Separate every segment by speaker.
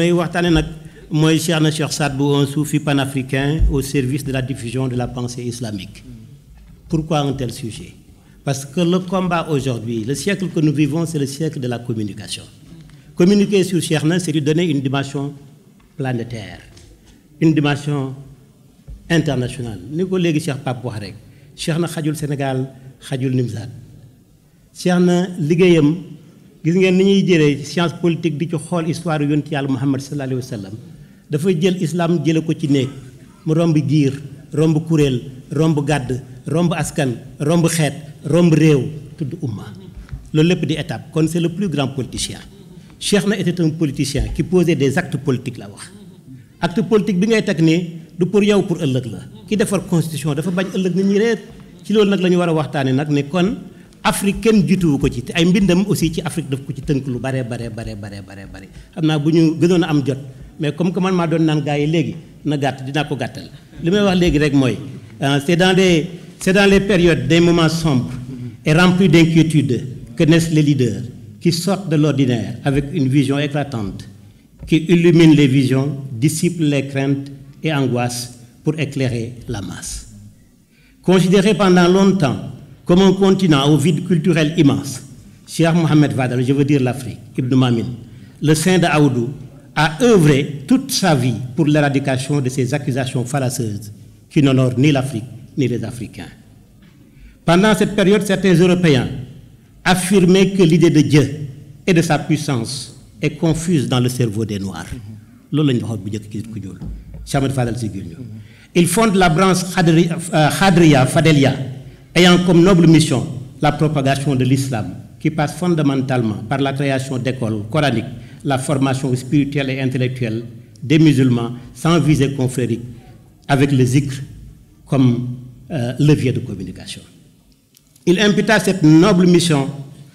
Speaker 1: mais waxtaane moi, Cheikh un soufi panafricain au service de la diffusion de la pensée islamique pourquoi un tel sujet parce que le combat aujourd'hui le siècle que nous vivons c'est le siècle de la communication communiquer sur Cheikh c'est lui donner une dimension planétaire une dimension internationale collègues, Cheikh Sénégal Khadjoul Nimzad, Cheikh Ligayem, gis ngeen ni ñuy jëlee science politique di ci xool histoire yonent yàlla Muhammad sallallahu alayhi wa dafa jël islam jële ko ci néeg mu romb giir romb kuréel romb gàdd romb askan romb xeet romb réew tudd umma loolu lépp di étape kon c'est le plus grand politicien Cheikh na était un politicien qui posait des actes politiques la wax acte politique bi ngay teg nii du pour yow pour ëllëg la ki defar constitution dafa bañ ëllëg nit ñi réer ci loolu nag la ñu war a waxtaane nag ni kon Afrique kenn jiituwu ko ci te ay mbindam aussi ci Afrique daf ko ci tënk lu bare bare bare bare bare bare xam naa bu ñu gënoon am jot mais comme que man maa doon naan gars yi léegi na gàtt dinaa ko gàttal li may wax léegi rek mooy euh, c'est dans les c'est dans les périodes des moments sombres et remplis d'inquiétude que naissent les leaders qui sortent de l'ordinaire avec une vision éclatante qui illumine les visions, dissipe les craintes et angoisses pour éclairer la masse. Considéré pendant longtemps comme un continent au vide culturel immense, Cheikh Mohamed je veux dire l'Afrique, le saint d'Aoudou, a œuvré toute sa vie pour l'éradication de ces accusations fallacieuses qui n'honorent ni l'Afrique ni les Africains. Pendant cette période, certains Européens affirmaient que l'idée de Dieu et de sa puissance est confuse dans le cerveau des Noirs. Ils fondent la branche Khadriya euh, Fadelia ayant comme noble mission la propagation de l'islam, qui passe fondamentalement par la création d'écoles coraniques, la formation spirituelle et intellectuelle des musulmans sans viser confrérique, avec le zikr comme euh, levier de communication. Il imputa cette noble mission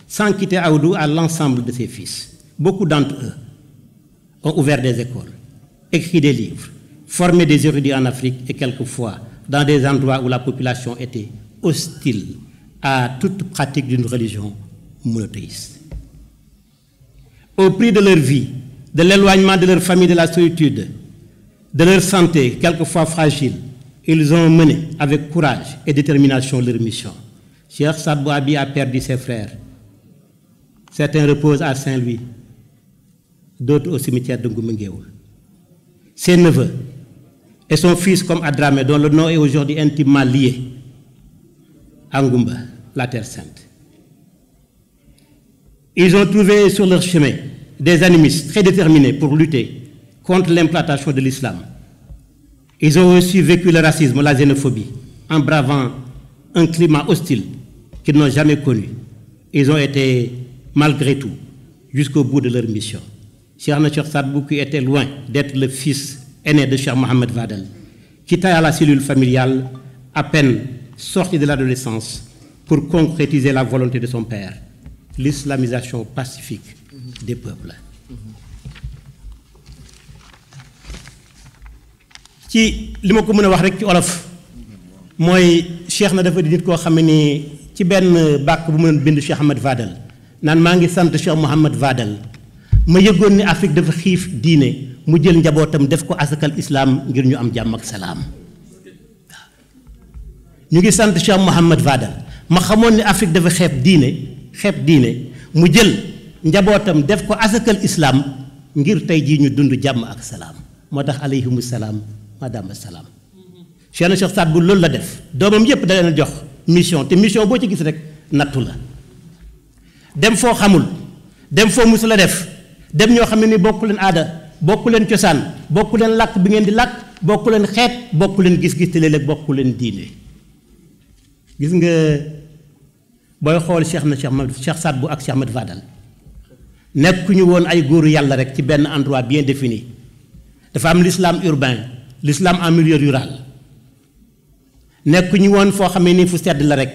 Speaker 1: sans quitter Aoudou à l'ensemble de ses fils. Beaucoup d'entre eux ont ouvert des écoles, écrit des livres, formé des érudits en Afrique et quelquefois dans des endroits où la population était hostile à toute pratique d'une religion monothéiste. Au prix de leur vie, de l'éloignement de leur famille, de la solitude, de leur santé, quelquefois fragile, ils ont mené avec courage et détermination leur mission. Cheikh Sabou Abi a perdu ses frères. Certains reposent à Saint-Louis, d'autres au cimetière de Ngoumengueoul. Ses neveux et son fils comme Adramé, dont le nom est aujourd'hui intimement lié Angoumba, la Terre Sainte. Ils ont trouvé sur leur chemin des animistes très déterminés pour lutter contre l'implantation de l'islam. Ils ont aussi vécu le racisme, la xénophobie, en bravant un climat hostile qu'ils n'ont jamais connu. Ils ont été, malgré tout, jusqu'au bout de leur mission. Cheikh Nature Sadbouki était loin d'être le fils aîné de cher Mohamed Vadel, quitta à la cellule familiale à peine sorti de l'adolescence pour concrétiser la volonté de son père, l'islamisation pacifique des peuples. ci li ma ko mën a wax rek ci olof mooy Cheikh na dafa di nit koo xam ne ci benn bàkk bu mënoon bind Cheikh Ahmad Vadel naan maa ngi sant Cheikh Mouhamad Vadel ma yëgoon ni Afrique dafa xiif diine mu jël njabootam def ko asakal islam ngir ñu am jàmm ak salaam. ñu ngi sant Cheikh Mouhamad vada ma xamoon ni Afrique dafa xeeb diine xeeb diine mu jël njabootam def ko asakal islaam ngir tey jii ñu dund jàmm ak salaam moo tax aleyhum salaam madame salaam. Cheikh na Cheikh bu loolu la def doomam yépp da leen jox mission te mission boo ci gis rek nattu la dem foo xamul dem foo musu la def dem ñoo xam ne ni bokkuleen aada bokku leen cosaan bokku leen làkk bi ngeen di làkk bokku leen xeet bokku leen gis-gis te bokku leen diine. gis nga boy xool Cheikh na Cheikh Mad Cheikh sadbu ak Cheikh Mad Fadal nekkuñu woon ay góoru yàlla rek ci benn endroit bien défini dafa am l'islam urbain l'islam en milieu rural nekkuñu woon foo xamee ni fu sedd la rek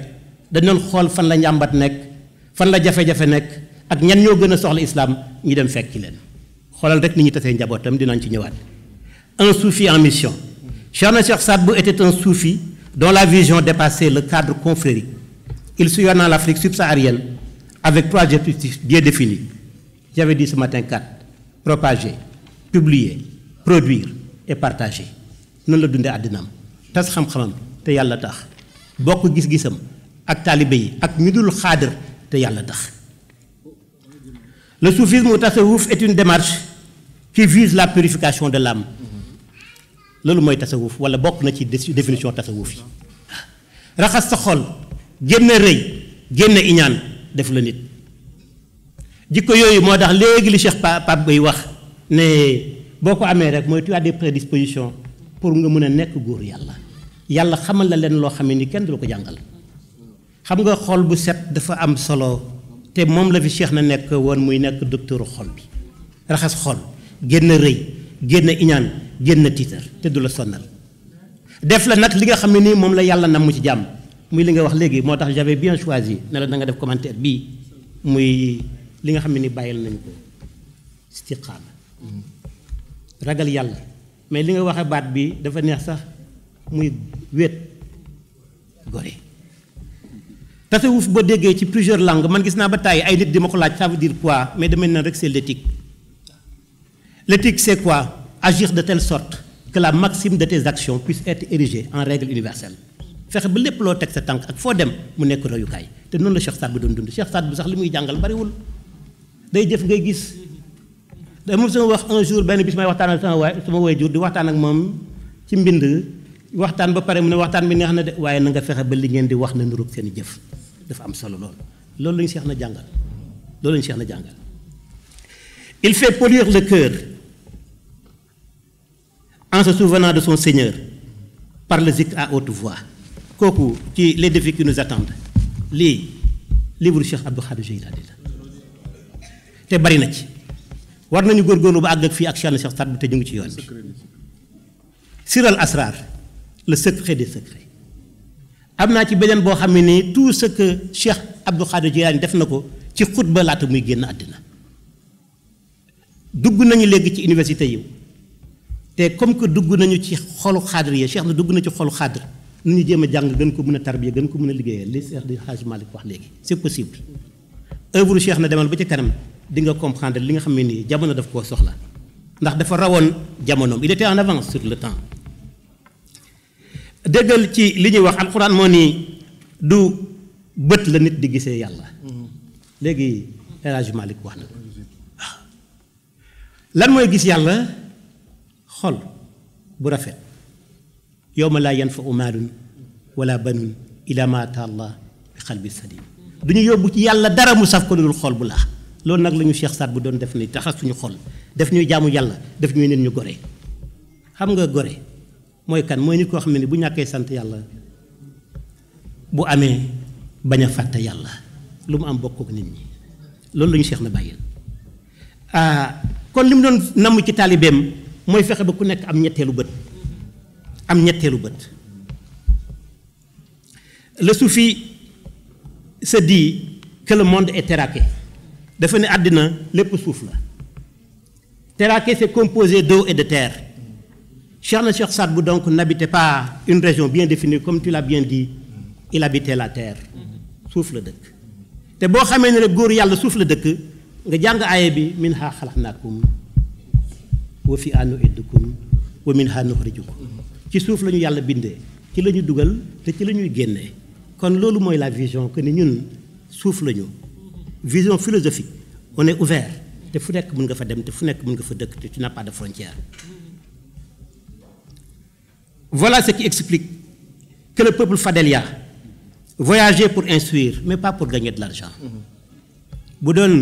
Speaker 1: dañ doon xool fan la njàmbat nekk fan la jafe-jafe nekk ak ñan ñoo gën a soxla islam ñu dem fekki ci leen xoolal rek ni ñu tasee njabootam dinañ ci ñëwaat un soufi en mission Cheikh na Cheikh sadbu était un soufi dont la vision dépassait le cadre confrérique. Il sillonna l'Afrique subsaharienne avec trois objectifs bien définis. J'avais dit ce matin quatre propager, publier, produire et partager. Nous le donnons à tas xam-xamam te yalla tax bokk gis-gisam ak Talibé, yi ak ñu dul te yalla tax. Le soufisme ou tasawuf est une démarche qui vise la purification de l'âme loolu mooy tasawuf wala bokk na ci définition tasawuf yi raxas sa xol génn rëy génn iñaan def la nit jikko yooyu moo tax léegi li Cheikh Pape Gueye wax ne boo ko amee rek mooy tu as des prédispositions pour nga mën nek nekk góor yàlla yàlla xamal la len lo xam ne ni kenn du ko jàngal xam nga xol bu set dafa am solo te mom la fi Cheikh na nek won muy nek docteur xol bi raxas xol génn rëy génn iñaan génn tiitar te du la sonnal def la nag li nga xam ne ni moom la yàlla mu ci jàmm muy li nga wax léegi moo tax j'avais bien choisi ne la na nga def commentaire bii muy li nga xam ne ni bàyyil nañu ko istiqaama ragal yàlla mais li nga waxe baat bi dafa neex sax muy wéet gore tasawuf boo déggee ci plusieurs langues man gis naa ba tàyyi ay nit di ma ko laaj ça veut dire quoi mais damay naan rek c'est l'éthique L'éthique, c'est quoi Agir de telle sorte que la maxime de tes actions puisse être érigée en règle universelle. fexe ba lépp loo teg sa tànk ak foo dem mu nekk royukaay te noonu la Cheikh Saad bu doon dund Cheikh Saad bu sax li muy jàngal bariwul day jëf ngay gis day moom sama wax un jour benn bis may waxtaan ak sama waay sama way jur di waxtaan ak moom ci mbind waxtaan ba pare mu ne waxtaan bi neex na de waaye na nga fexe ba li ngeen di wax na nuroog seen jëf dafa am solo lool loolu lañ Cheikh na jàngal loolu lañ Cheikh na jàngal il fait polir le cœur en se souvenant de son Seigneur par le à haute voix kooku qui les défis qui nous attendent Li, livre Cheikh Abdou Khadre Jeylani la te bari na ci war nañu góorgóorlu ba ag ak fi ak Cheikh Cheikh te ñu ngi ci yoon siral asrar le secret des secrets Amna ci beneen bo xam tout ce que Cheikh Abdou Khadre Jeylani def na ci khutba laata muy génn adina. dugg nañu légui ci université yi te comme que dugg nañu ci xolu xaadir ya Cheikh na dugg na ci xolu xaadir nu ñu jema jàng gën ko mëna tarbiya gën ko mëna a li Cheikh di haj malik wax léegi c'est possible œuvre Cheikh na demal ba ci kanam di nga comprendre li nga xamé ni jamono daf ko soxla ndax dafa rawon jamono il était en avance sur le temps déggal ci li ñuy wax alcorane mo ni du bët la nit di gisee yàlla léegi El Hadj Malick wax na lan mooy gis yàlla xol bu rafet yow ma laa yanfau maalun wala banun ila ma ata allah bi xalbi salim du ñu yóbbu ci yàlla dara mu saf ko dul xol bu laax loolu nag la ñu Cheikh Saad bu doon def ni taxas suñu xol def ñuy jaamu yàlla def ñuy nit ñu gore xam nga gore mooy kan mooy nit koo xam ne ni bu ñàkkee sant yàlla bu amee bañ a fàtte yàlla lu mu am bokk ak nit ñi loolu la ñu Cheikh na bàyyil ah kon li mu doon namm ci taalibeem mooy fexe ba ku nekk am ñetteelu bët am ñetteelu bët le soufi se dit que le monde est terraqué dafa ne àddina lépp suuf la terraqué c'est composé d'eau et de terre Cheikh na Cheikh Saad bu donc n'habitait pas une région bien définie comme tu l'as bien dit il habitait la terre suuf la dëkk te boo xamee ne rek góor yàlla suuf la dëkk nga jàng aaye bi min ha wa fi ànnu iddukum wa min ha nuxrijukum ci souf lañu yalla bindé ci lañu ñu té ci lañuy ñuy kon lolu moy la vision que ni ñun souf lañu vision philosophique on est ouvert té fu nek mën nga fa dem té fu nek mën nga fa dëkk té tu n'as pas de frontière voilà ce qui explique que le peuple Fadélia voyageait pour instruire mais pas pour gagner de l'argent mm-hmm. bu doon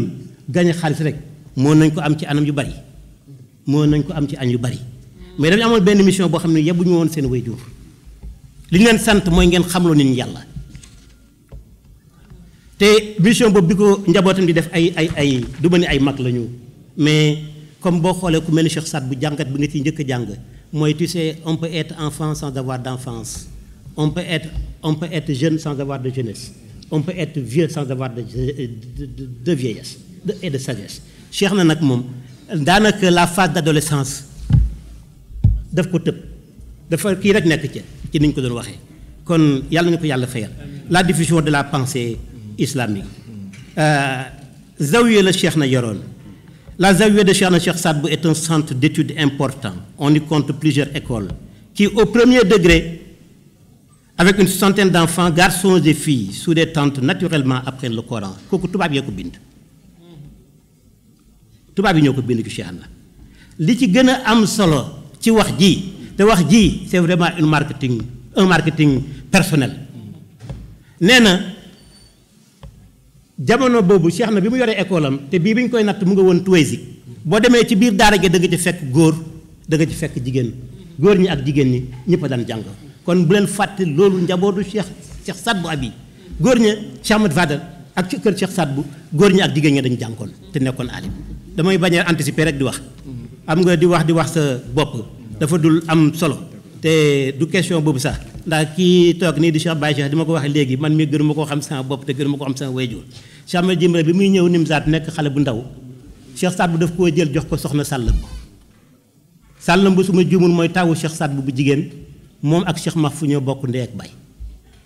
Speaker 1: gagner xaliss rek mo nañ ko am ci anam yu bari moo nañ ko am ci añ yu bari mais dañu amoon benn mission boo xam ne yebbuñu woon seen way jur li ñu sant mooy ngeen xamloo nit ñi yàlla te mission boobu bi ko njabootam di def ay ay ay du ma ay mag lañu mais comme boo xoolee ku mel ni Cheikh Saad bu jàngat bi nga ciy njëkk a jàng mooy tu sais on peut être enfant sans avoir d'enfance on peut être on peut être jeune sans avoir de jeunesse on peut être vieux sans avoir de de de vieillesse de, et de sagesse Cheikh na nag moom. Dans la phase d'adolescence daf ko tëb dafa kii rek nekk ca ci niñ ko doon waxee kon yàlla ñu ko yàlla fayal la diffusion de la pensée islamique euh, zawiya la cheikh na yoroon la zawiya de cheikh na cheikh est un centre d'études important on y compte plusieurs écoles qui au premier degré avec une centaine d'enfants garçons et filles sous des tentes naturellement apprennent le Coran kooku tubaab yee ko bind tubaab yi ñoo ko bind ci Cheikh Anta li ci gën am solo ci wax ji te wax ji c'est vraiment une marketing un marketing personnel nee na jamono boobu Cheikh Anta bi mu yoree école am te bii bi ñu koy natt mu nga woon Tuwési boo demee ci biir daara gi da nga ci fekk góor da nga ci fekk jigéen góor ñi ak jigéen ñi ñëpp daan kon bu leen fàtte loolu njabootu Cheikh Cheikh Sadbu abi góor ña Cheikh Ahmed Fadal ak ci kër Cheikh Sadbu góor ñi ak jigéen ñi dañ te alim damay bañ a anticiper rek di wax am nga di wax di wax sa bopp dafa dul am solo te du question boobu sax ndax kii toog nii di Cheikh Baye Cheikh di ma ko waxee léegi man mii gënu ma koo xam sama bopp te gënu ma ko xam sama wayjur Cheikh Ahmed Djimbira bi muy ñëw Nimzaat nekk xale bu ndaw Cheikh Saad bu daf koo jël jox ko soxna sàllam bu sàllam bu su ma juumul mooy tawu Cheikh Saad bu bu jigéen moom ak Cheikh Mahfou ñoo bokk ndey ak bay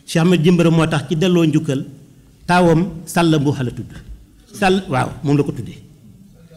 Speaker 1: Cheikh Ahmed Djimbira moo tax ci delloo njukkal taawam sàllam bu xala waaw moom la ko tuddee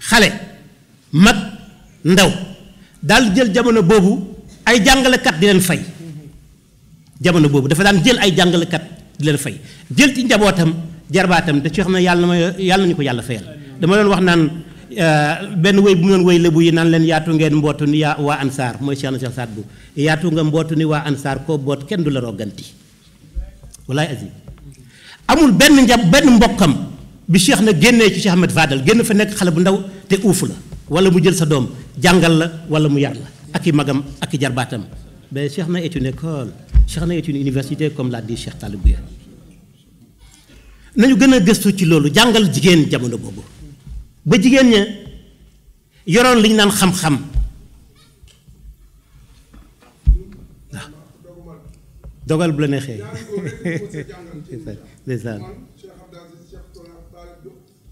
Speaker 1: xale mag ndaw daal jël jamono boobu ay jàngalekat di leen fay jamono boobu dafa daan jël ay jàngalekat di leen fay jël ci njabootam jarbaatam te ci xam ne yàlla na yàlla nañu ko yàlla fayal dama doon wax naan euh, benn wéy bu mu doon wéy lébu yi naan leen yaatu ngeen mbootu ni waa ansaar mooy Cheikh na Cheikh Saad bu yaatu nga mbootu ni waa ansaar koo boot kenn du la rogganti walaay asi amul benn njab benn mbokkam bi cheikh na génné ci Cheikh Ahmed Fadal génn fa nek xale bu ndaw te uuf la wala mu jël sa dom jàngal la wala mu yar la ak i magam ak jarbatam be cheikh na est une école cheikh na est une université comme l'a dit Cheikh talibou nañu gëna gëstu ci lolu jàngal jigen jamono bobu ba jigen ñe yoron liñ ñu xam-xam dogal bu la nexé neexee ndeysaan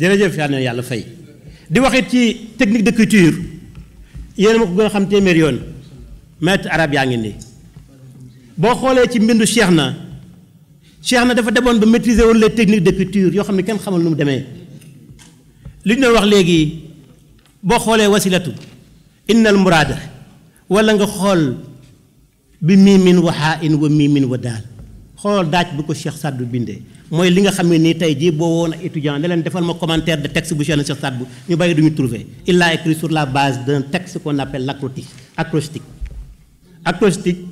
Speaker 1: jërëjëf yàlla na yàlla fay di waxit ci technique de culture yéen ma ko gën a xam téeméer yoon maître arab yaa ngi nii boo xoolee ci mbindu Cheikh na Cheikh na dafa demoon ba maîtriser woon les techniques de culture yoo xam ne kenn xamal nu mu demee li ñu doon wax léegi boo xoolee wasilatu innal murada wala nga xool bi mimin wa xaa in wa mimin wa daal xoolal daaj bu ko Cheikh Sadbou bindee mooy li nga xam ne nii tey jii boo woon étudiant ne leen defal ma commentaire de texte bu Cheikh Sadbou ñu bàyyi duñu trouver il a écrit sur la base d'un texte qu'on appelle l'acrostiche acrostique acrostique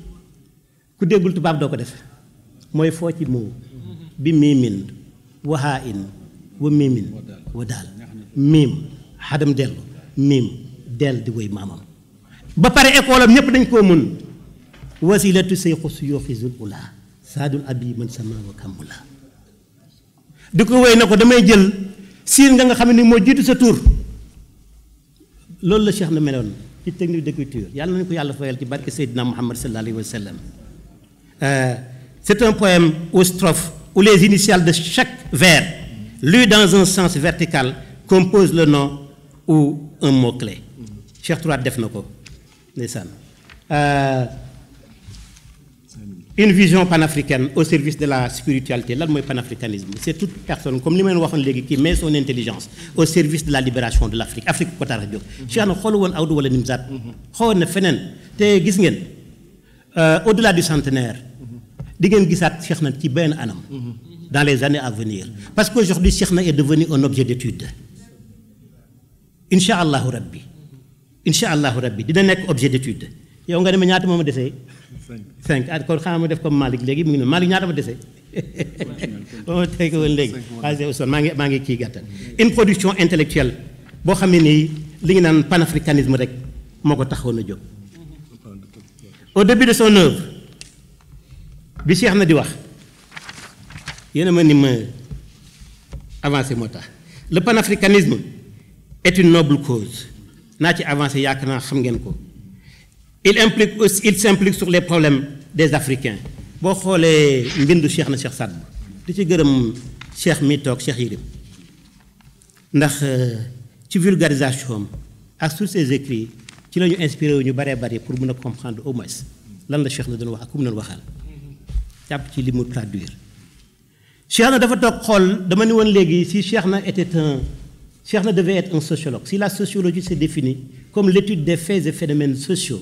Speaker 1: ku déggul tubaab doo ko def mooy foo ci moo bi miimin waxaa in wa miimin wa daal miim xadam dellu miim del di woy maamam ba pare école am ñépp dañ koo mën wasilatu say xus yoo ulaa saadul abi man sama wa kàmbu di ko na damay jël siin nga nga xam ne moo sa tour lolou la Cheikh na melone ci technique de culture yalla nañu ko fayal ci barke sayyidina Muhammad sallallahu alayhi wa sallam euh, c'est un poème aux strophes où les initiales de chaque vers lues dans un sens vertical composent le nom ou un mot-clé Cheikh Tourade def nako ko euh une vision panafricaine au service de la spiritualité lan mooy panafricanisme c'est toute personne comme ni ma leen qui met son intelligence au service de la libération de l'Afrique Afrique ko tax a jóg. Cheikh xoolu On awdu wala pas mhm. xool na te gis ngeen euh, au-delà du centenaire mhm. di ngeen gisaat Cheikh na ci benn anam. Mhm. dans les années à venir parce qu'aujourd'hui Cheikh na est devenu un objet d'étude Inch'Allah rabbi Inch'Allah allahu rabbi est un objet d'étude yow nga ne ma ñaata cinq ah kon xanaa ma def comme Malick léegi mu ngi noonu Malick ñaata ma dese. ba ma teg woon léegi waaye Ousmane maa ngi maa ngi kii gàttal. une production intellectuelle boo xam ne nii li ñu naan panafricanisme rek moo ko taxawoon a jóg. au début de son œuvre bi Cheikh na di wax yéen a ma ni ma avancé moo tax le panafricanisme est une noble cause naa ci avancé yaakaar naa xam ngeen ko il implique aussi il s'implique sur les problèmes des africains bo xolé mbindu Cheikh na Cheikh Saad di ci gërëm Cheikh mi tok Cheikh Yérim ndax euh, ci vulgarisation ak sur ses écrits ci l'ont inspiré wu ñu baree bari pour nous comprendre au moins lan la Cheikh na doon wax ak ku mu doon waxal ci limu traduire. Cheikh na dafa tok xol dama ni won légui si Cheikh na était un Cheikh na devait être un sociologue si la sociologie s'est définie comme l'étude des faits et phénomènes sociaux.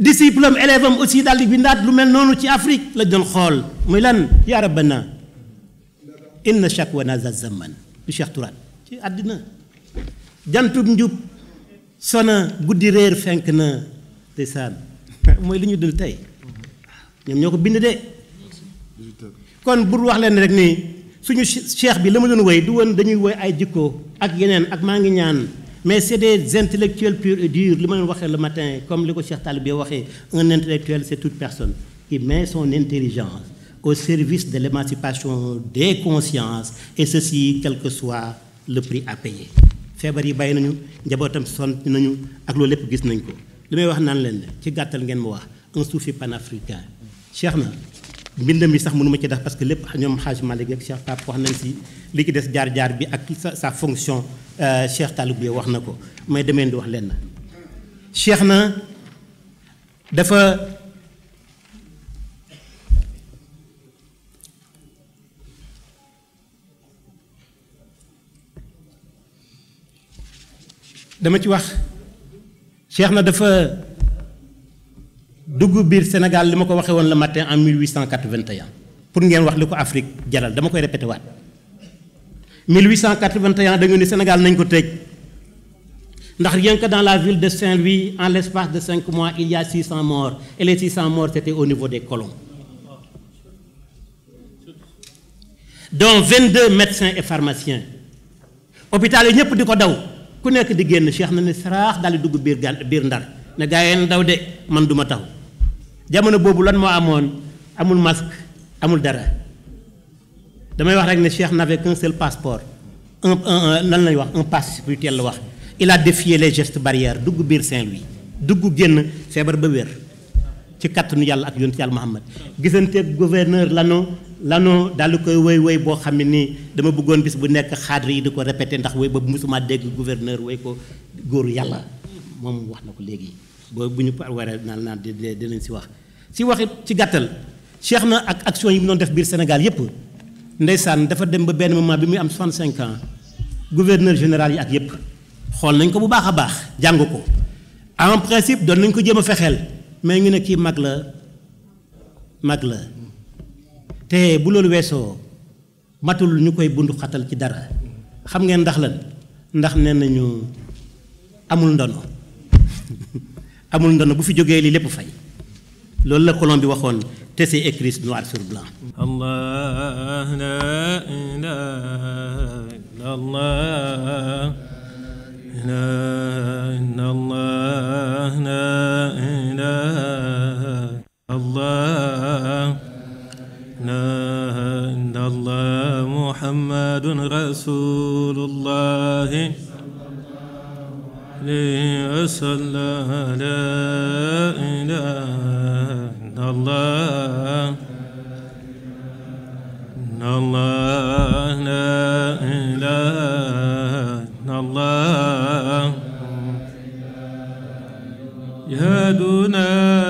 Speaker 1: disciple am élève am aussi dal di bindat lu mel nonu ci Afrique la jël xol muy lan ya rabana inna shakwana za zaman bi Cheikh tourat ci adina jantub njub sona goudi réer fenk na ndeysaan moy liñu dul tay ñom ñoko bind de kon bur wax len rek ni suñu cheikh bi lama doon way du won dañuy way ay jikko ak yenen ak ma ngi ñaan mais c'est des intellectuels purs et durs li le matin comme le Cheikh Talibé waxee un intellectuel c'est toute personne qui met son intelligence au service de l'émancipation des consciences et ceci quel que soit le prix à payer Février, yi bàyyi nañu njabootam son nañu ak lo lepp gis nañ ko limay wax nan len ci gàttal ngeen mo wax un soufi panafricain cheikh na mbindam sax mënu ma ci def parce que lepp ñom Hadj malik ak Cheikh Pape wax nañ ci li ki dess jaar-jaar bi ak sa fonction euh, Cheikh Talib bi wax na ko may demeen di wax lenn Cheikh na dafa dama ci wax Cheikh na dafa dugg biir Sénégal li ma ko waxee woon le matin en 1881 pour ngeen wax li ko Afrique jaral dama koy répété waat 1881 da ni Sénégal nañ ko tej ndax rien que dans la ville de Saint-Louis en l'espace de cinq mois il y a 600 morts et les 600 morts c'était au niveau des colons dont 22 médecins et pharmaciens hôpital yi ñëpp di daw ku nekk di génn Cheikh na ni saraax dal di dugg biir biir ndar ne gaa yeen daw de man duma taw jamono boobu lan moo amoon amul masque amul dara damay wax n'avait qu'un seul passeport un un lay wax passe spirituel il a défié les gestes barrières dugg bir Saint-Louis dugg guen febar ba wer ci kattanu yalla ak gouverneur lano lano dal koy woy woy bo xamni ne dama bëggoon bis bu nek xadri di ndax woy ba musuma dégg gouverneur woy ko gor yalla mom wax nako légui bo si wax ci waxit ci gattal Cheikh na ak action yi Sénégal ndeysaan dafa dem ba benn moment bi muy am 65 ans gouverneur général yi ak yépp xool nañ ko bu baax a baax jàng ko en principe doon nañ ko jéem a fexeel mais ñu ne kii mag la mag la te bu loolu weesoo matul ñu koy bundu xatal ci dara xam ngeen ndax lan ndax nee nañu amul ndono amul ndono bu fi jógee li lépp fay لولا كولومبي واخون تسي اكريس إيه نوار سور بلان
Speaker 2: الله لا اله الا الله
Speaker 1: لا
Speaker 2: ان الله لا اله الله لا الله محمد رسول الله صلى الله عليه وسلم لا اله الله إن الله لا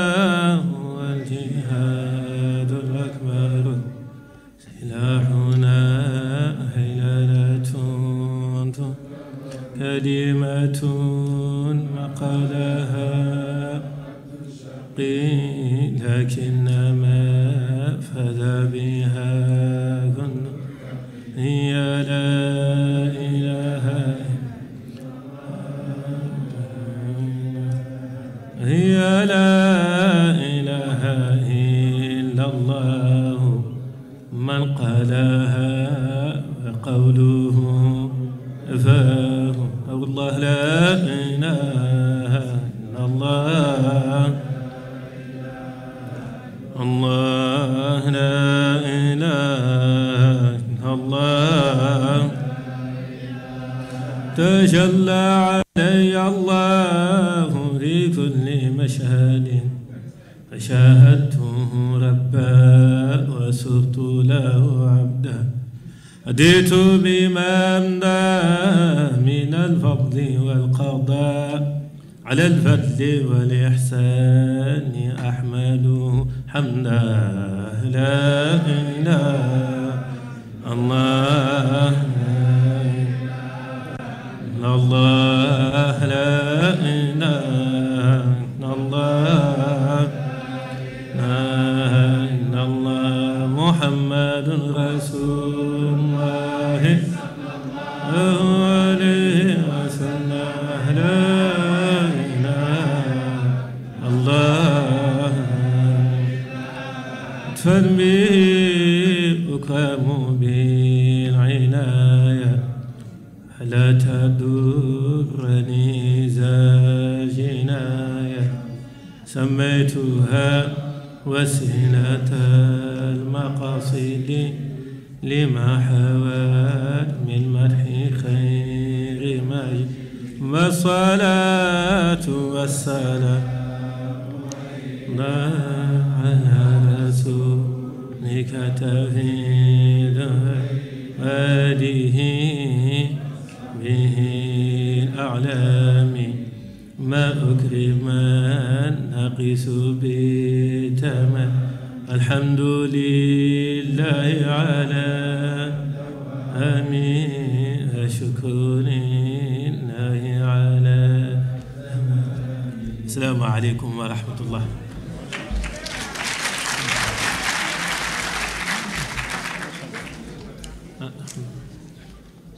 Speaker 2: جئت بما أمدى من الفضل والقضاء على الفضل والإحسان أحمده حمدا لا إله الله الله لا إله الله لا إله الله محمد رسول سعيتها وسهلتها المقاصد لما حوى من مدح خير ما والصلاة والسلام على رسولك تفيد الحق سبيتما الحمد لله على أمين شكر الله على
Speaker 1: السلام عليكم
Speaker 2: ورحمة الله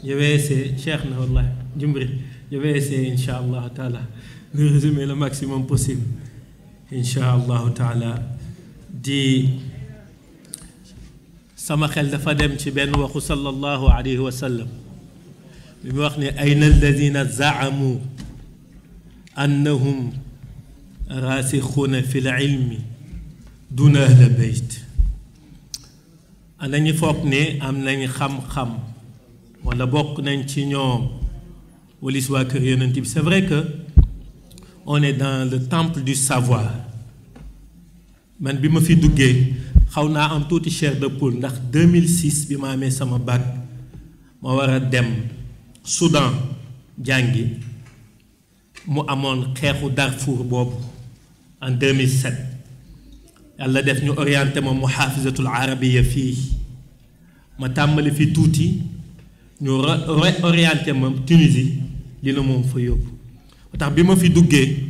Speaker 2: je vais essayer, Cheikh, je vais essayer, Inch'Allah,
Speaker 3: de résumer le maximum possible. ان شاء الله تعالى دي سما خل دا فدم سي صلى الله عليه وسلم بما اين الذين زعموا انهم راسخون في العلم دون اهل البيت انا نفوق ني ام ناني خم خم ولا بوك نان وليس واكر يونتي سي فري on est dans le temple du savoir man bi ma fi duggee xaw naa am tuuti de poule ndax 2006 bi ma amee sama bac ma wara dem Soudan jàngi mu amone xeexu Darfour Bob, en 2007 yàlla def ñu orienté ma mu xaafizatul arabiya fii ma tàmbali fi tuuti ñu réorienté ma Tunisie li la mom fa yóbbu tax bi ma fi duggee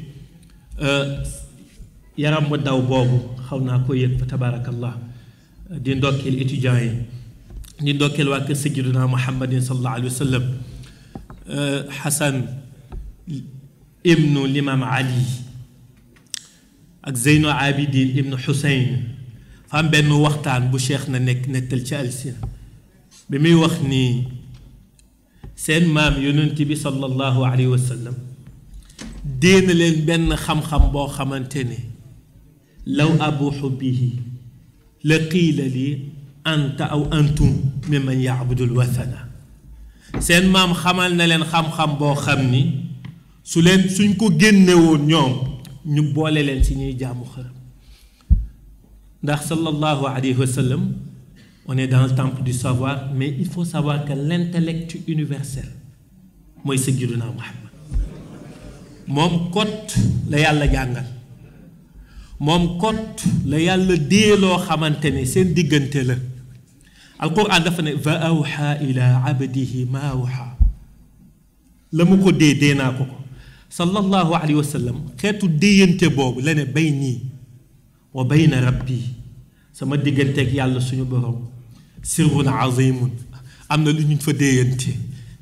Speaker 3: yaram ba daw boobu xaw naa ko yëg fa tabaarakallah di ndokkeel étudiants yi di ndokkeel waa kër sajiduna muhammadin sallallahu alayhi wa sallam xasan ibnu limam ali ak zeyno abidin ibnu xuseyn fa am benn waxtaan bu cheikh na nekk nettal ci alsina bi muy wax ni seen maam yonent bi sallallahu alayhi wa sallam دين لين بن خم خم بو خمانتني لو أبو حبه لقيل لي أنت أو أنتم ممن يعبد الوثنة سين مام خمال نلين خم خم بو خمني سولين سنكو جنة ونيوم نبوالي لين سيني جامو خرم داخل صلى الله عليه وسلم On est dans le temple du savoir, mais il faut savoir que l'intellect universel, moi, c'est Girouna Mohamed. mom kott la yàlla jàngal mom kott la yàlla de lo xamantene sen diggante la alquran dafa ne va awxa ila abdihi ma awxa la mu ko dee dee naa ko sallallahu alayhi wa sallam xeetu déyante boobu la ne wa bayna rabbi sama ak yàlla suñu borom sirrun azim amna na lu ñu fa déyante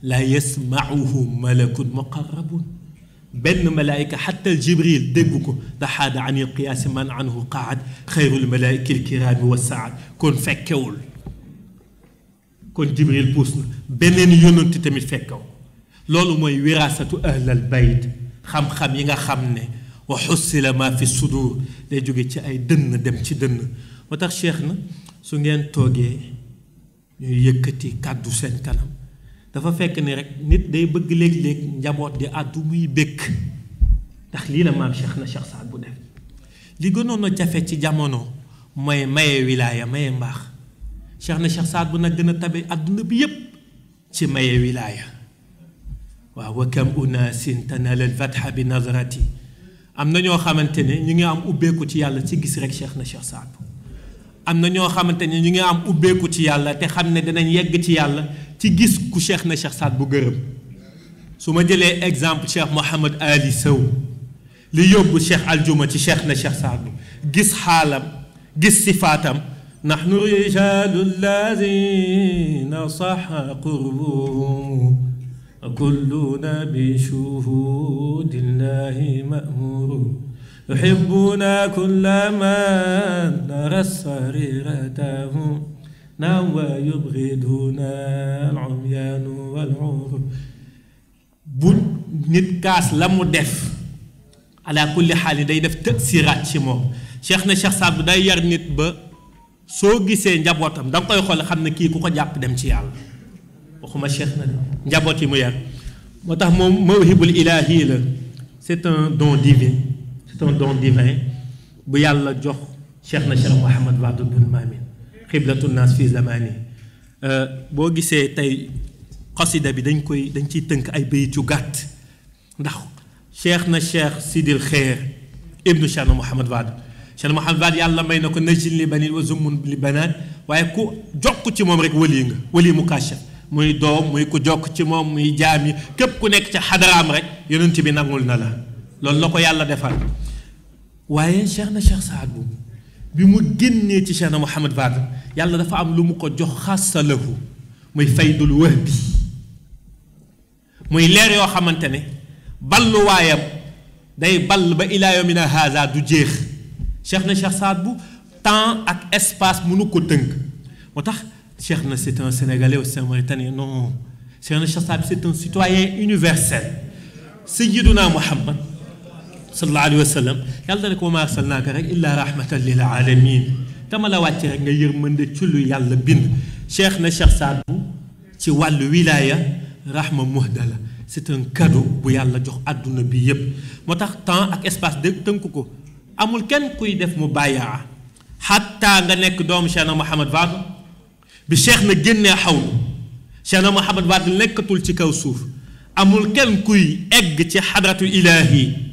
Speaker 3: la yasmauhu malakun muqarrabun benn malaayika xatta jibril dégg ko daxaada an il qiyaasi man anhu qaad xayrul malaayika alkiraami wa saad kon fekkewul kon jibril puus na beneen yonanti tamit fekkew loolu mooy wirasatu ahlal bayt xam-xam yi nga xam ne wa xussila ma fi sudur day jóge ci ay dënn dem ci dënn moo tax cheikh na su ngeen toogee ñuy yëkkati kàddu seen kanam dafa fekk ne rek nit day bëgg léeg-léeg njaboot di àddu muy békk ndax lii la maam Cheikh na Cheikh Saad bu def li gënoon a jafe ci jamono mooy maye wilaaya maye mbaax Cheikh na Cheikh Saad bu nag gën a tabe àdduna bi yépp ci maye wilaaya waaw wa kam unaasin al fatha bi nazrati am na ñoo xamante ne ñu ngi am ubbeeku ci yàlla ci gis rek Cheikh na Cheikh Saad am na ñoo xamante ne ñu ngi am ubbeeku ci yàlla te xam ne dinañ yegg ci yàlla ci gis ku cheikh na cheikh sad bu geureum suma jele exemple cheikh mohammed Ali Sow li yóbbu cheikh aljuma ci cheikh na cheikh sad gis halam gis sifatam نحن رجال الذين صح قربهم وكلنا بشهود
Speaker 2: الله مأمور يحبنا كل من نرى سريرته نوى نعم، يبغضنا
Speaker 3: العميان والعور بول نيت كاس لامو ديف على كل حال داي ديف تاثيرات شي موم شيخنا شيخ صاد داي يار نيت با سو غيسه نجابوتام دا كوي خول خامنا كي كوكو جاب ديم سي يال واخوما شيخنا نجابوتي مو يار موتاخ موم موهب الالهي لا سيت ان دون ديفين سيت ان دون ديفين بو يالا جوخ شيخنا شيخ محمد بعد بن مامين قبلة الناس في زمانه أه، بوغي سي تاي قصيدة بدن كوي دن تي تنك أي بيت يغات دخ شيخنا الشيخ سيد الخير ابن شان محمد بعد شان محمد بعد يالا ما ينكو نجل لبني وزم لبنان ويكو جوكو تي ممرك ولي ولي مكاشف muy doom muy ku jokk ci moom muy jaam yi képp ku nekk ci xadaraam rek yonent bi nangul na la loolu la ko yàlla defal waaye cheikh na cheikh saad boobu bi mu génnee ci Cheikh na Mouhamad Vade yàlla dafa am lu mu ko jox xasalahu muy faydul wëh bi muy leer yoo xamante ne balluwaayam day ball ba ilaa yomina haza du jeex Cheikh na Cheikh Saad bu temps ak espace mënu ko tënk moo tax Cheikh na c'est un Sénégalais ou c'est un Mauritanien non Cheikh na Cheikh Saad c'est un citoyen universel Sayyiduna Mouhamad صلى الله عليه wasallam yàlla dana ko wa maa arsalnaaka rek illaa rahmatan lil alamin dama la wàcce rek nga yërmande ci lu yàlla bind cheikh na cheikh Saad Bou ci wàllu wilaya rahma muhda la c'est un cadeau bu yàlla jox àdduna bi yépp moo tax temps ak espace dëgg tënk ko amul kenn kuy def mu bàyyaa xatta nga nekk doomu cheikh na Mouhamad Wade bi cheikh na génnee xawlu cheikh na Mouhamad Wade nekkatul ci kaw suuf amul kenn kuy egg ci xadratu ilahi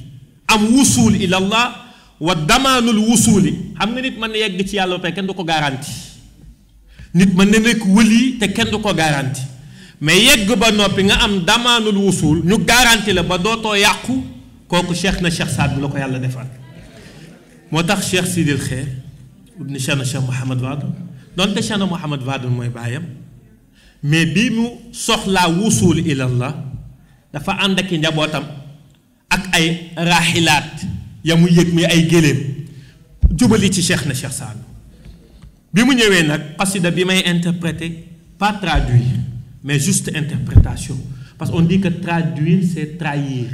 Speaker 3: am wusul ila allah wa damanul wusul xam nga nit man ne yegg ci yàlla ba kenn du ko garantie nit man ne nek wëli te kenn du ko garantie mais yegg ba nopi nga am damanul wusul ñu garantie la ba doto yaqku koku cheikh na cheikh sad lu ko yàlla defal motax cheikh Sidil khair ibn shana cheikh mohammed Vadul donte cheikh na Mouhamad Vadul mooy baayam mais bi mu soxla wusul ila allah dafa ànd ak i ak ay rahilat ya mu yëg mi ay géléem djubali ci Cheikh na Cheikh Sall bi mu ñewé nak xasida bi may interpréter pas traduire mais juste interprétation parce qu'on dit que traduire c'est trahir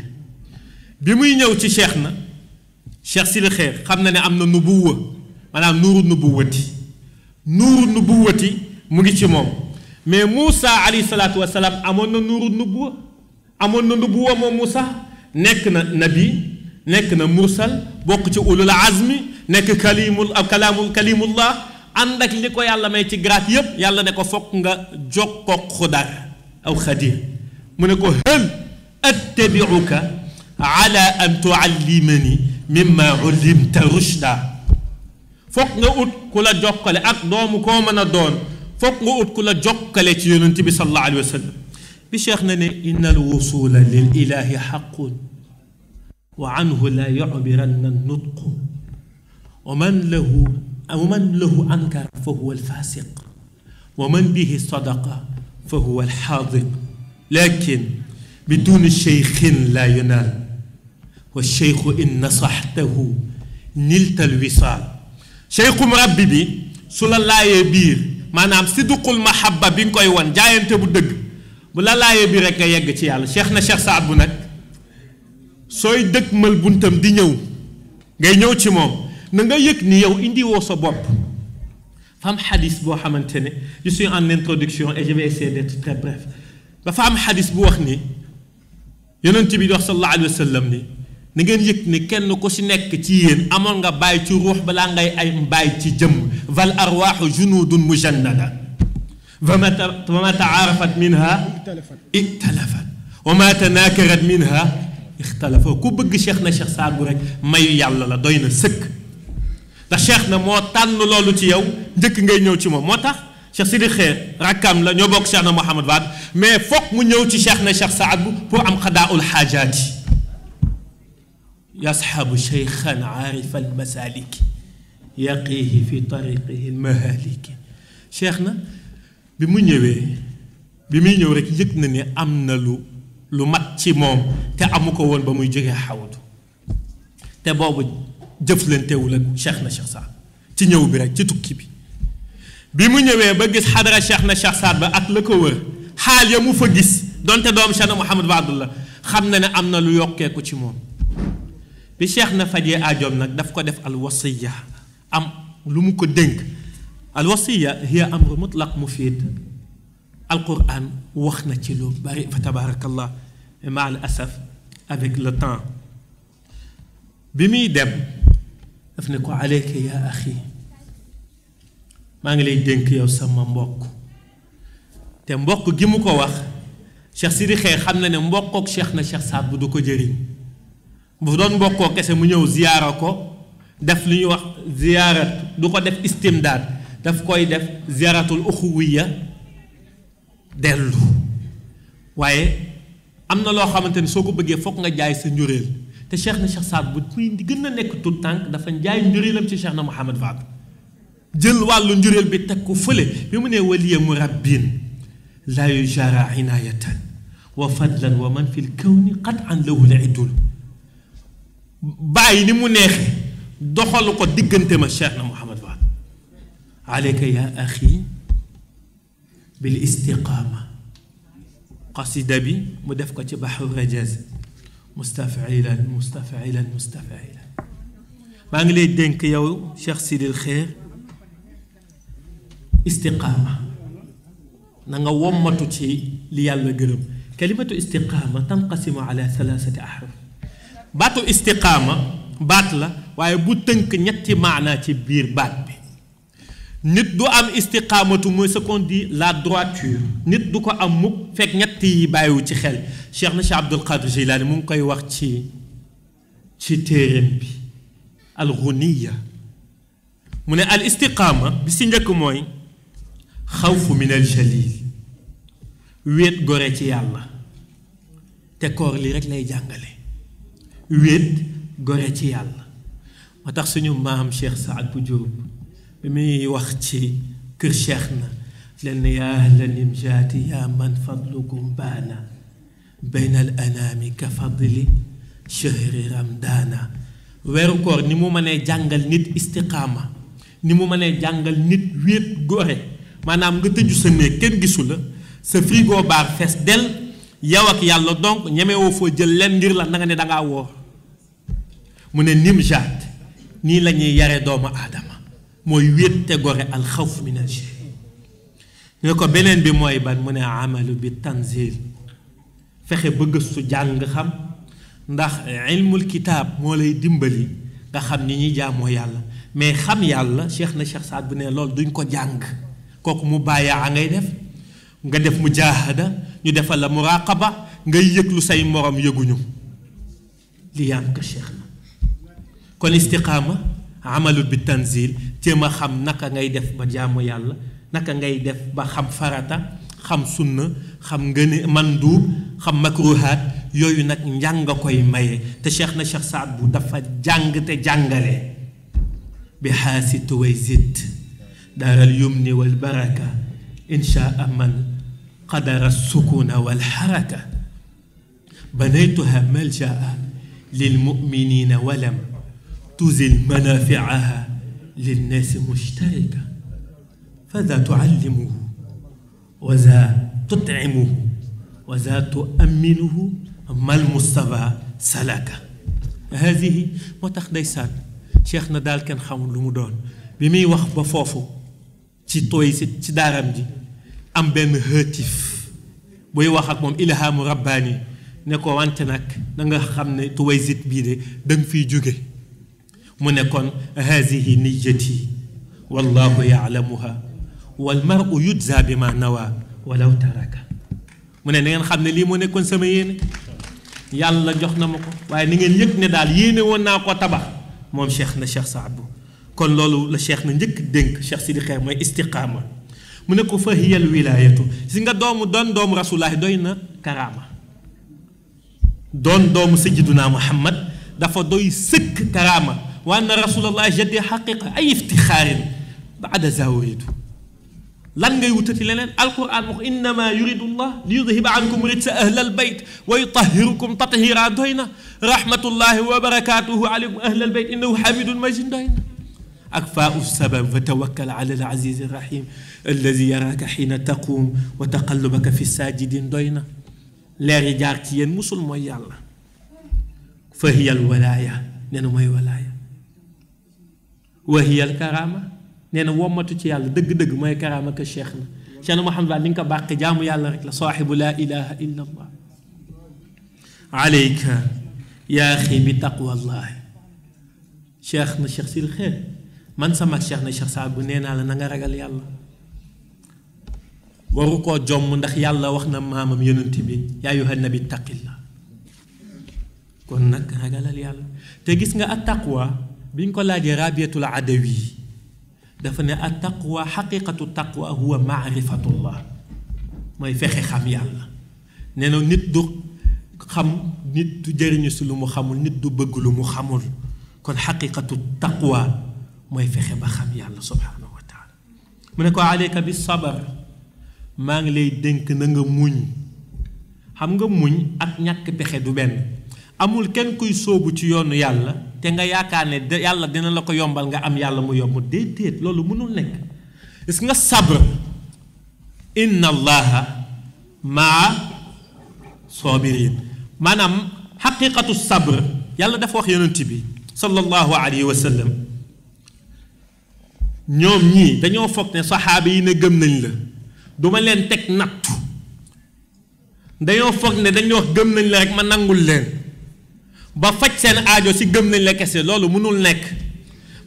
Speaker 3: bi muy ñew ci Cheikh na Cheikh sil la xam na ne am na nubuwa manam nuru nubuwati nuru nubuwati mu ngi ci mom mais Moussa alayhi salaatu wassalam amon na nuru nubuwa amon na nubuwa mom Moussa. nekk na nabi nekk na mursal bokk ci ulul azmi nekk kalimul ab kalaamu kalimullah ànd ak li ko yàlla may ci garaat yépp yàlla ne ko fokk nga jokkoog xudar aw xadir mu ne ko hal attabiuka ala an tuallimani mimma ullimta rushda fokk nga ut ku la jokkale ak doomu koo mën a doon fokk nga ut ku la jokkale ci yonent bi sallallahu alayhi wa sallam بشيخنا إن الوصول للإله حق وعنه لا يعبرن النطق ومن له من له أنكر فهو الفاسق ومن به صدق فهو الحاضق لكن بدون شيخ لا ينال والشيخ إن نصحته نلت الوصال شيخ مربي بي su la laayee biir maanaam sidduqul mahabba bi nga koy won jaayante bu la laayee bi rek nga yegg ci yàlla cheikh na cheikh saad bu nag sooy dëgmal buntam di ñëw ngay ñëw ci moom na nga yëg ni yow indi woo sa bopp dafa am xadis boo xamante ne je suis en introduction et je vais essayer d'être très bref dafa am xadis bu wax ni yonent bi di wax sallallahu alayhi wa sallam ni na ngeen yëg ni kenn ku si nekk ci yéen amoon nga bàyyi ci ruux balaa ngay ay bàyyi ci jëmm val arwaaxu junudun mujannada وما تعارفت منها ائتلفت وما تناكرت منها اختلفت كو بغ شيخنا شيخ صاحب رك ماي يالا لا دوينا سك دا شيخنا مو تان لولو تي ياو نديك غي نيو تي مو موتاخ شيخ سيدي خير راكام لا نيو بوك شيخنا محمد فات مي فوق مو نيو تي شيخنا شيخ سعد بو ام قضاء الحاجات يصحب شيخا عارف المسالك يقيه في طريقه المهالك شيخنا bi mu ñëwee bi muy ñëw rek yëg na ni am na lu lu mat ci moom te amu ko woon ba muy jógee xawdu te boobu jëflantewul ak cheikh na cheikh saad ci ñëw bi rek ci tukki bi bi mu ñëwee ba gis xadara cheikh na cheikh saad ba ak la ko wër xaal ya mu fa gis donte doom cheikh na mouhamad ba abdullah xam na ne am na lu yokkeeku ci moom bi cheikh na fajee ajoom nag daf ko def al wasiya am lu mu ko dénk الوصيه هي امر مطلق مفيد القران وخنا تشيلو بارئ فتبارك الله مع الاسف افيك لو تان بمي دم افنكو عليك يا اخي ما نجلي دينك يا سما مبوك تي مبوك جيموكو واخ شيخ سيدي خير خامنا ني مبوكوك شيخنا شيخ صاب بو دوكو جيري بو دون مبوكو كاسه مو نيو زياره كو داف لي واخ زياره دوكو داف استمداد daf koy def ziaratul uxuwiya dellu waaye am na loo xamante ni soo ko bëggee foog nga jaay sa njuréel te cheikh na cheikh Saad bu muy gën a nekk tout tànk dafa jaay njuréelam ci cheikh na Mouhamed Vaad jël wàllu njuréel bi teg ko fële bi mu ne waliya murabbin laa yujara inayatan wa fadlan wa man fi lkawni qad an lahu la iddul bàyyi ni mu neexe doxalu ko diggante ma cheikh na Mouhamed Vaad عليك يا أخي بالاستقامة قصيدة بي مدفقة بحر رجاز مستفعلا مستفعلا مستفعلا ما نقول دينك يا شيخ سيدي الخير استقامة نغا نعم، ومتو تي ليال يالا كلمة استقامة تنقسم على ثلاثة أحرف باتو استقامة باتلا وعي بوتنك بو تنك معنى تي بير بات nit du am istiqamatu moy ce qu'on dit la droiture nit du ko am muk fek ñett yi bàyyiwu ci xel Cheikh na Cheikh Abdul Qadir Jilani mu ngi koy wax ci ci terem bi al ghuniya mu ne al istiqama bi si njëkk mooy xawfu min al jalil wet gore ci yàlla te koor li rek lay jàngale wet gore ci yàlla moo tax suñu maam Cheikh Saad bu djoub bi muy wax ci kër cheikh na lenn yaa ahlan imjaati yaa man fadlukum baana bayna al ka fadli chahri ramdaana weeru koor ni mu mënee jàngal nit istiqaama ni mu mënee jàngal nit wéet gore maanaam nga tëju sa néeg kenn gisu la sa frigo baar fees del yow yàlla donc ñemewoo foo jël leen ngir la na nga ne dangaa woor mu ne nimjaat nii la yare doomu aadama mooy wétte gore al khawf min al jahim ne ko benen bi moy ban mu ne amalu bi tanzil fexe beug su jàng xam ndax ilmul kitab mo lay dimbali nga xam ni ñi jamo yàlla mais xam yàlla cheikh na cheikh Saad bu ne lol duñ ko jàng kooku mu bàyyaa ngay def nga def mujaahada ñu defal la muraqaba ngay yëg lu say morom yëguñu li yam yànk cheikh na kon istiqaama amalut bi tanzil jéem a xam naka ngay def ba jaamu yàlla naka ngay def ba xam farata xam sunna xam ngëne manduub xam makruhaat yooyu nag njàng koy maye te cheikh na cheikh saad bu dafa jàng te jàngale bi xaasi tuway zit daaral yumni wal baraka inshaa man qadara sukuna wal xaraka banaytuha malja'a lil muminina walam تزل منافعها للناس مشتركة فذا تعلمه وذا تطعمه وذا تؤمنه ما المصطفى سلك هذه متخ ديسان شيخ ندال كان خاون لمدون بمي وخ بفوفو تي توي تي دارام دي ام بن هاتف بوي وخ اك موم الهام رباني نكو وانت نك داغا خامني توي زيت في جوغي منكن هذه نيتي والله يعلمها والمرء يجزى بما نوى ولو ترك من نين خامن لي منكن سمين يالا جخنا مكو واي نين ييك ني دال يينه ونا كو تباخ شيخنا شيخ سعد كون لولو لا شيخنا نيك دنك شيخ سيدي خير موي استقامه منكو فهي الولايه سيغا دوم دون دوم رسول الله دوينا كرامه دون دوم سيدنا محمد دا دوي سك كرامه وأن رسول الله جدي حقيقة أي افتخار بعد زاويته لن يوتتي لنا القرآن مخ إنما يريد الله ليذهب عنكم رجس أهل البيت ويطهركم تطهيرا دينا رحمة الله وبركاته عليكم أهل البيت إنه حميد مجيد دوينا أكفاء السبب فتوكل على العزيز الرحيم الذي يراك حين تقوم وتقلبك في الساجدين دينا لا رجال ci مسلم ويالله فهي الولاية لأنه ما walaaya وهي الكرامه نين ومتو تي يالا دغ دغ موي كرامه ك شيخنا شان محمد الله نكا باقي جامو يالا رك لا صاحب لا اله الا الله عليك يا اخي بتقوى الله شيخنا شيخ سي الخير من سما شيخنا شيخ صاحب نينا لا نغا رغال يالا waruko jom ndax yalla waxna mamam yonenti bi ya ayuha nabi taqilla kon nak ragalal yalla te gis nga at taqwa بين كل رابية العدوي دفن التقوى حقيقة التقوى هو معرفة الله ما يفخ خام يالا نينو نيت دو خام نيت دو جيرني سلو مو خامول كون حقيقة التقوى ما يفخ با خام يالا سبحانه وتعالى منكو عليك بالصبر ما لي دنك نغا موغ خام نغا موغ اك نياك بخي امول كين كوي صوبو تي te nga yaakaar ne de yàlla dina la ko yombal nga am yàlla mu yomb déedéet loolu mënul nekk gis nga sabr inna allaha maa soobirin maanaam xaqiqatu sabr yàlla dafa wax yonent bi sallallahu alayhi wa ñoom ñii dañoo foog ne saxaaba yi ne gëm nañ la duma leen teg nattu dañoo foog ne dañoo wax gëm nañ la rek ma nangul leen ba fajj seen aajo si gëm nañ la kese loolu mënul nekk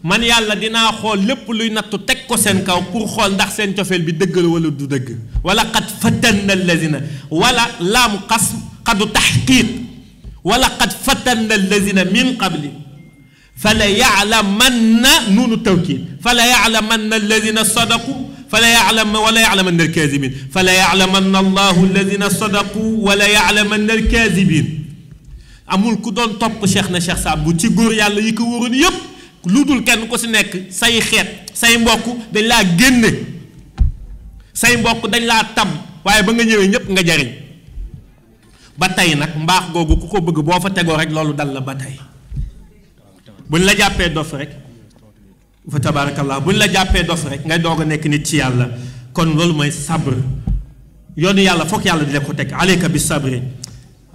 Speaker 3: man yàlla dinaa xool lépp luy nattu teg ko seen kaw pour xool ndax seen cofeel bi dëgg la wala du dëgg wala qad fatanna allazina wala lam qas qad tahqiq wala qad fatanna allazina min qabli fala yaalamanna nuunu tawkid fala yaalamanna allazina sadaqu فلا يعلم yaalam wala yaalamanna alkaazibin fala yaalamanna allahu allazina sadaqu wala yaalamanna الكاذبين amul ku doon topp cheikh na cheikh Saad ci góor yàlla yi ko wóoroon yëpp lu dul kenn ku si nekk say xeet say mbokk dañ la génne say mbokk dañ la tam waaye ba nga ñëwee ñëpp nga jariñ ba tey nag mbaax googu ku ko bëgg boo fa tegoo rek loolu dal la ba tey buñ la jàppee dof rek fa bu buñ la jàppee dof rek nga doog a nekk nit ci yàlla kon loolu mooy sabr yoonu yàlla foog yàlla di la ko teg aleyka bi sabri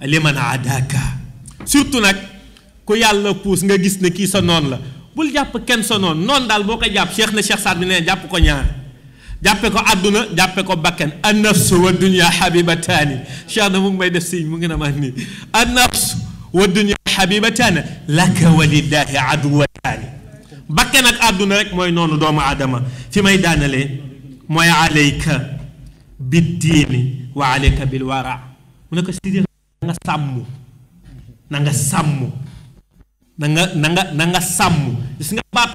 Speaker 3: liman adaka surtout nak ku yàlla pousse nga gis ne ki sa non la bul jàpp ken sa non non dal boko jàpp cheikh na cheikh Saad bi jàpp ko ñaar jàppe ko aduna jàppe ko bakkan an nafsu wa dunya habibataani cheikh na mu ngi may def siñ mu ngi na ma ni an nafsu wa dunya lak wa lillahi aduwataani bakke nak aduna rek moy nonu doomu adama fi may danale moy alayka biddiini wa alayka bilwara mu ne ko si nga sammu nanga samu, nanga nanga nga na nga na nga sàmm gis nga baat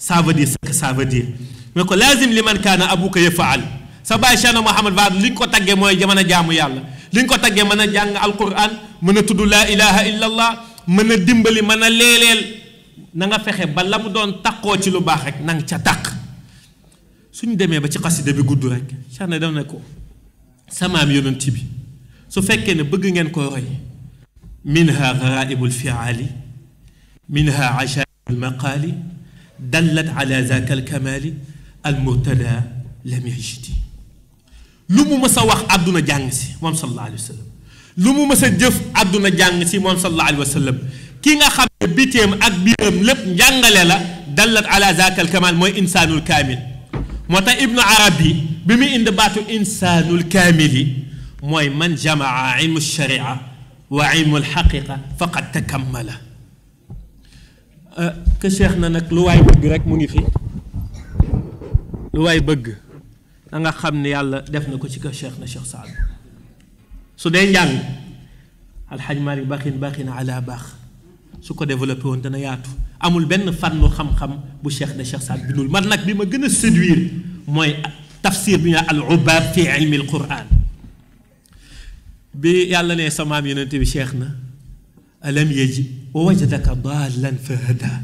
Speaker 3: ça veut dire ce que ça veut dire mais ko lazim liman kana abuka yafaal sa baay shana muhammad Vaad li ko taggee mooy jamono jaamu yàlla li ko taggee mën jang alquran mën a tudd ilaha illallah mën a dimbali mën a leeleel na nga fexe ba la mu doon takkoo ci lu baax rek na nga ca takk suñ demee ba ci xasida bi gudd rek ne ko samaam su ne bëgg ngeen ko roy منها غرائب الفعال منها عشائر المقال دلت على ذاك الكمال المهتدى لم يجدي لومو مسا واخ عبدنا جانسي محمد صلى الله عليه وسلم لومو مسا جف عبدنا جانسي محمد صلى الله عليه وسلم كيغا خا بيتيم اك بيرم لب جانغالي دلت على ذاك الكمال مو انسان الكامل متى ابن عربي بمي اند باتو انسان الكامل مو من جمع علم الشريعه وعلم الحقيقة فقد تكمل أه، كشيخنا نك لواي بغ رك موني في لواي بغ أنا خامني يالا ديف نكو شيخنا شيخ سعد سو دي نجان الحاج مالك باخين باخين على باخ سوكو ديفلوبي وون دنا ياتو امول بن فان نو خام خام بو سعد بنول مات نك بما غنا سيدوير موي تفسير بنا العبار في علم القران bi yàlla ne sa maam yonente bi cheikh na alam yajid wa wajadaka dalan fa hada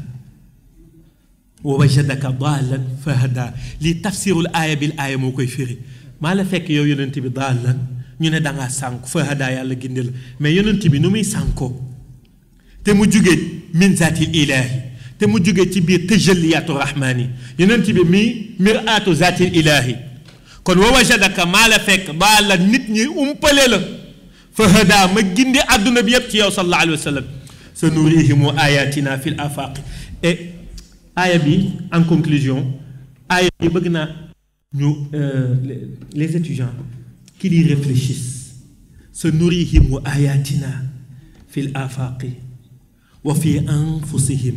Speaker 3: wa wajadaka dalan fa hada lii tafsirul aya bil aya mo koy firi maa la fekk yow yonente bi dalan ñu ne nga sànk fa hada yàlla gindil mais yonente bi nu muy sànkoo te mu jugee min al ilah te mu jugee ci biir tajalliyaatu rahmani yonente bi mi zati al ilah kon wa wajadaka maa la fekk nit ñi umpele la فهدا ما جندي أدنى بيب يا صلى الله عليه وسلم سنريهم آياتنا في الآفاق et آية بي en conclusion آية بي بغنا nous euh, les, les étudiants qui y réfléchissent سنريهم آياتنا في الآفاق وفي أنفسهم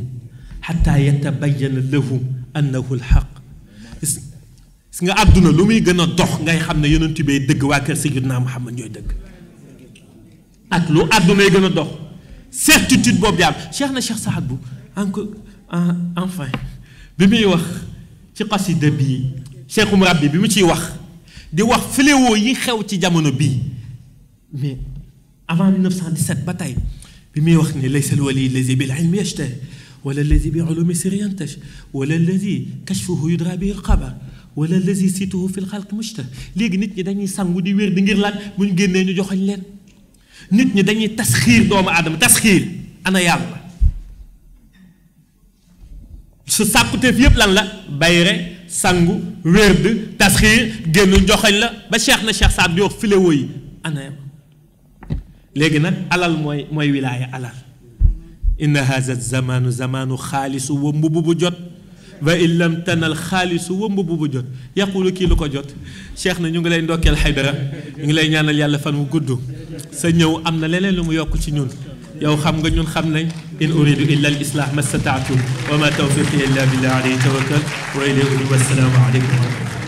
Speaker 3: حتى يتبين لهم أنه الحق gis nga àdduna lu muy gën a dox ngay xam ne yonent bi dëgg waa kër Sayyidina Muhammad ñooy dëgg ak lu àddunay gën a dox certitude boobu di am cheikh na cheikh Saad Bou encore enfin bi muy wax ci xasida bii cheikh Mourabbi bi mu ciy wax di wax fléau yi xew ci jamono bii mais avant 1917 ba tey bi muy wax ne laysa alwali lazi bil ilmi yashtah wala lazi bi ulumi sir yantash wala lazi kashfuhu yudra bihi alxabar wala lazi situhu fi lxalq mushtah léegi nit ñi dañuy sangu di wér di ngir lan bu ñu génnee ñu joxoñ leen nit ñi dañuy tasxiir doomu aadama tasxiir ana yàlla su sàkkuteef yëpp lan la bayre sangu wérd tasxiir génn njoxoñ la ba cheikh na cheikh saab di wax filéwo yi ana léegi nag alal mooy mooy wilaaya alal إن هذا الزمان زمان خالص wa mbubu وإن لم wa in lam tanal يقول كي mbubu جوت شيخنا yaqulu kii lu ko jot cheikh na ñu ngi سنيو أمنا لين لم يأكل يو خم جنون خم إن أريد إلا الإصلاح ما استطعت وما توفيقي إلا بالله عليه توكل وإليه والسلام عليكم